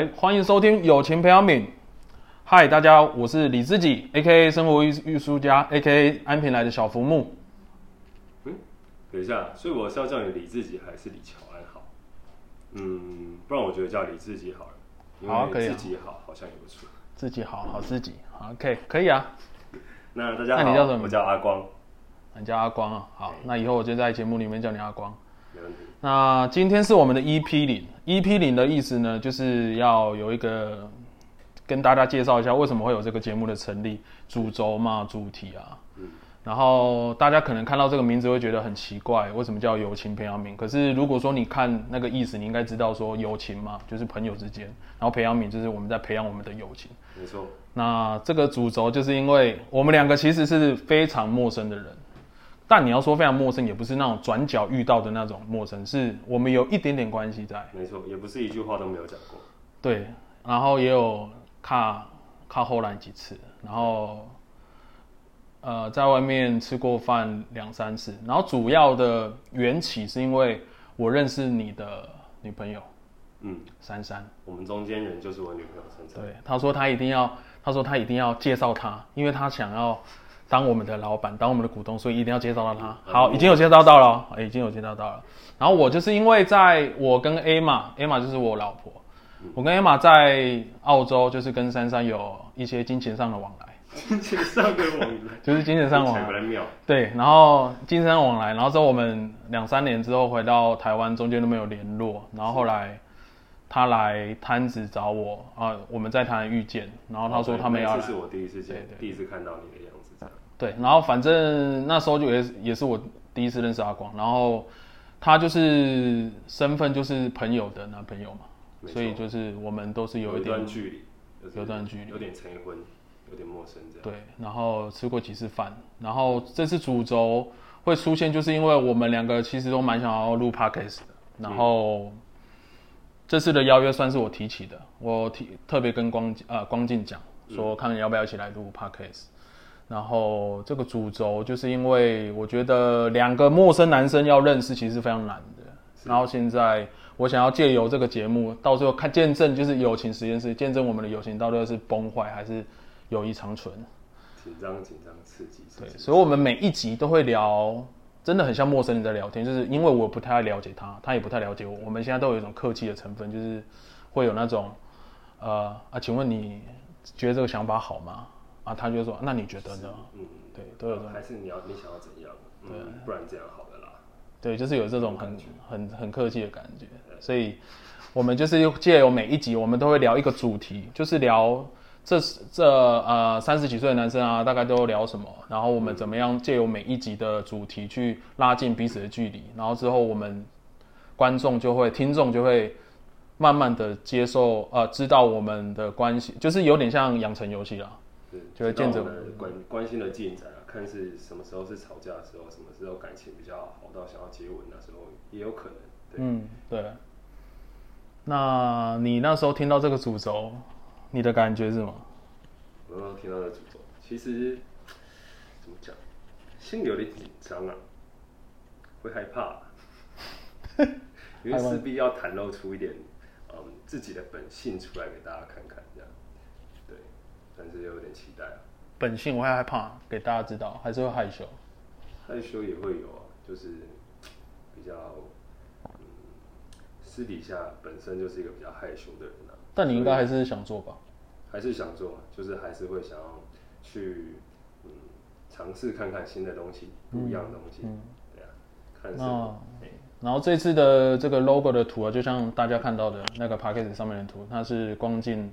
來歡迎收聽《友情培養皿》。Hi，大家好，我是李自己，A.K.A 生活寓寓書家，A.K.A 安平來的小浮木。嗯，等一下，所以我是要叫你李自己還是李喬安好？嗯，不然我覺得叫你自己好了，因為自己好好，好像也不錯。自己好好自己、嗯、好，OK，可以啊。 那大家好。那你叫什麼？我叫阿光。你叫阿光啊？好，Okay. 那以後我就在節目裡面叫你阿光。沒問題。那今天是我們的 EP 零，EP 零的意思呢，就是要有一個跟大家介紹一下為什麼會有這個節目的成立主軸嘛主題啊。嗯。然後大家可能看到這個名字會覺得很奇怪，為什麼叫友情培養皿？可是如果說你看那個意思，你應該知道說友情嘛，就是朋友之間，然後培養皿就是我們在培養我們的友情。沒錯。那這個主軸就是因為我們兩個其實是非常陌生的人。但你要說非常陌生，也不是那種轉角遇到的那種陌生，是我們有一點點關係在。沒錯，也不是一句話都沒有講過。對，然後也有靠靠後來幾次，然後呃，在外面吃過飯兩三次，然後主要的緣起是因為我認識你的女朋友，嗯，珊珊，我們中間人就是我女朋友珊珊。對，他說他一定要，他說他一定要介紹他，因為他想要。當我們的老闆，當我們的股東，所以一定要介紹到他。好，嗯、已經有介紹到了是是，欸，已經有介紹到了。然後我就是因為在我跟艾瑪、嗯、艾瑪就是我老婆，我跟艾瑪在澳洲就是跟珊珊有一些金錢上的往來，金錢上的往來，就是金錢上的往來。對，然後金錢往來，然後之後我們兩三年之後回到台灣，中間都沒有聯絡，然後後來他來攤子找我啊，我們在台灣遇見，然後他說他們要，哦、次是我第一次見，對對對，第一次看到你的樣子。對，然後反正那時候就也是也是我第一次認識阿光，然後他就是身份就是朋友的男朋友嘛，沒錯，所以就是我們都是有一點距離，有一段距離，有點成婚，有點陌生這樣。對，然後吃過幾次飯，然後這次主軸會出現，就是因為我們兩個其實都蠻想要錄 podcast 的，然後這次的邀約算是我提起的，我提特別跟光，呃光進講說，看看要不要一起來錄 podcast。然後這個主軸就是因為我覺得兩個陌生男生要認識其實是非常難的。是然後現在我想要借由這個節目，到時候看見證就是友情實驗室，見證我們的友情到底是崩壞還是友誼長存。緊張緊張刺激。刺激。對，所以我們每一集都會聊，真的很像陌生人在聊天，就是因為我不太了解他，他也不太了解我，對我們現在都有一種客氣的成分，就是會有那種，呃啊，請問你覺得這個想法好嗎？啊，他就說：“那你覺得呢？”嗯對，對，都是還是你要你想要怎樣？對、啊，不然這樣好了啦。對，就是有這種很這種很很客氣的感覺。對所以，我們就是借由每一集，我們都會聊一個主題，就是聊這是這呃三十幾歲的男生啊，大概都聊什麼。然後我們怎麼樣借由每一集的主題去拉近彼此的距離。嗯、然後之後我們觀眾就會聽眾就會慢慢的接受呃，知道我們的關係，就是有點像養成遊戲了。就是見證的關關心的進展啊，看是什麼時候是吵架的時候，什麼時候感情比較好到想要接吻的時候，也有可能。嗯，對。那你那時候聽到這個主軸，你的感覺是什麼？我那時聽到這個主軸，其實怎麼講，心裡有點緊張啊，會害怕、啊， 因為勢必要袒露出一點、 嗯，自己的本性出來給大家看看，這樣。但是又有點期待啊！本性我會害怕給大家知道，還是會害羞。害羞也會有，啊，就是比較、嗯、私底下，本身就是一個比較害羞的人啊。但你應該還是想做吧？還是想做，就是還是會想要去嘗試、嗯、看看新的東西，不、嗯、一樣的東西。嗯，對呀、啊，看什麼？那欸、然後這次的這個 logo 的圖啊，就像大家看到的那個 pocket 上面的圖，它是光進。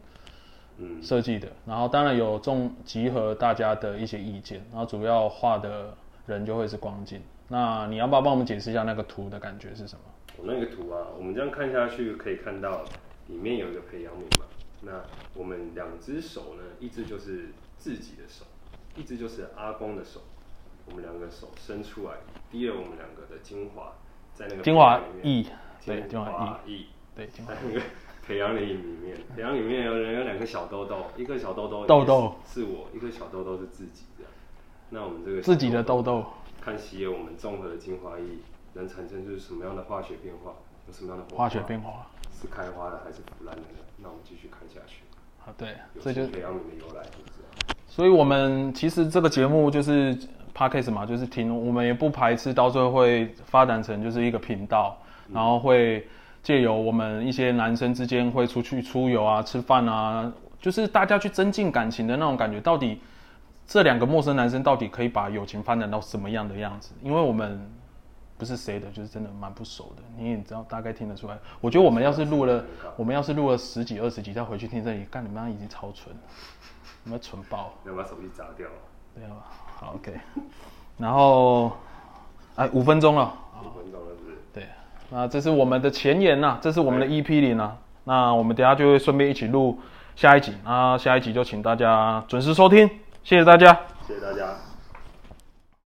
設計的，然後當然有重集合大家的一些意見，然後主要畫的人就會是光鏡，那你要不要幫我們解釋一下那個圖的感覺是什麼？我、哦、那個圖啊，我們這樣看下去可以看到裡面有一個培養皿嘛。那我們兩隻手呢，一隻就是自己的手，一隻就是阿光的手。我們兩個手伸出來，滴了我們兩個的精華在那個精華液。對，精華液，對，精華液，對，精華液。 培養皿裡面，培養皿裡面有人有兩個小豆豆，一個小豆豆豆豆是，是我，豆豆一個小豆豆是自己的。那我們這個豆豆自己的豆豆，看實驗我們綜合的精華液能產生就是什麼樣的化學變化，有什麼樣的化，化學變化是開花的還是腐爛的？那我們繼續看下去。好、啊，對，這就是培養皿的由來。所以，我們其實這個節目就是 podcast 嘛，就是聽，我們也不排斥到最後會發展成就是一個頻道，嗯、然後會。借由我們一些男生之間會出去出遊啊、吃飯啊，就是大家去增進感情的那種感覺。到底這兩個陌生男生到底可以把友情發展到什麼樣的樣子？因為我們不是誰的，就是真的蠻不熟的。你也知道，大概聽得出來。我覺得我們要是錄了，我們要是錄了十幾二十集，再回去聽這裡，幹你媽已經超純，你媽純爆，你要把手機砸掉了。對啊，好 OK，然後哎五分鐘了，五分鐘了，鐘了是不是？對。啊，這是我們的前言吶、啊，這是我們的 EP 0啊。嗯、啊那我們等下就會順便一起錄下一集啊，下一集就請大家準時收聽，謝謝大家，謝謝大家。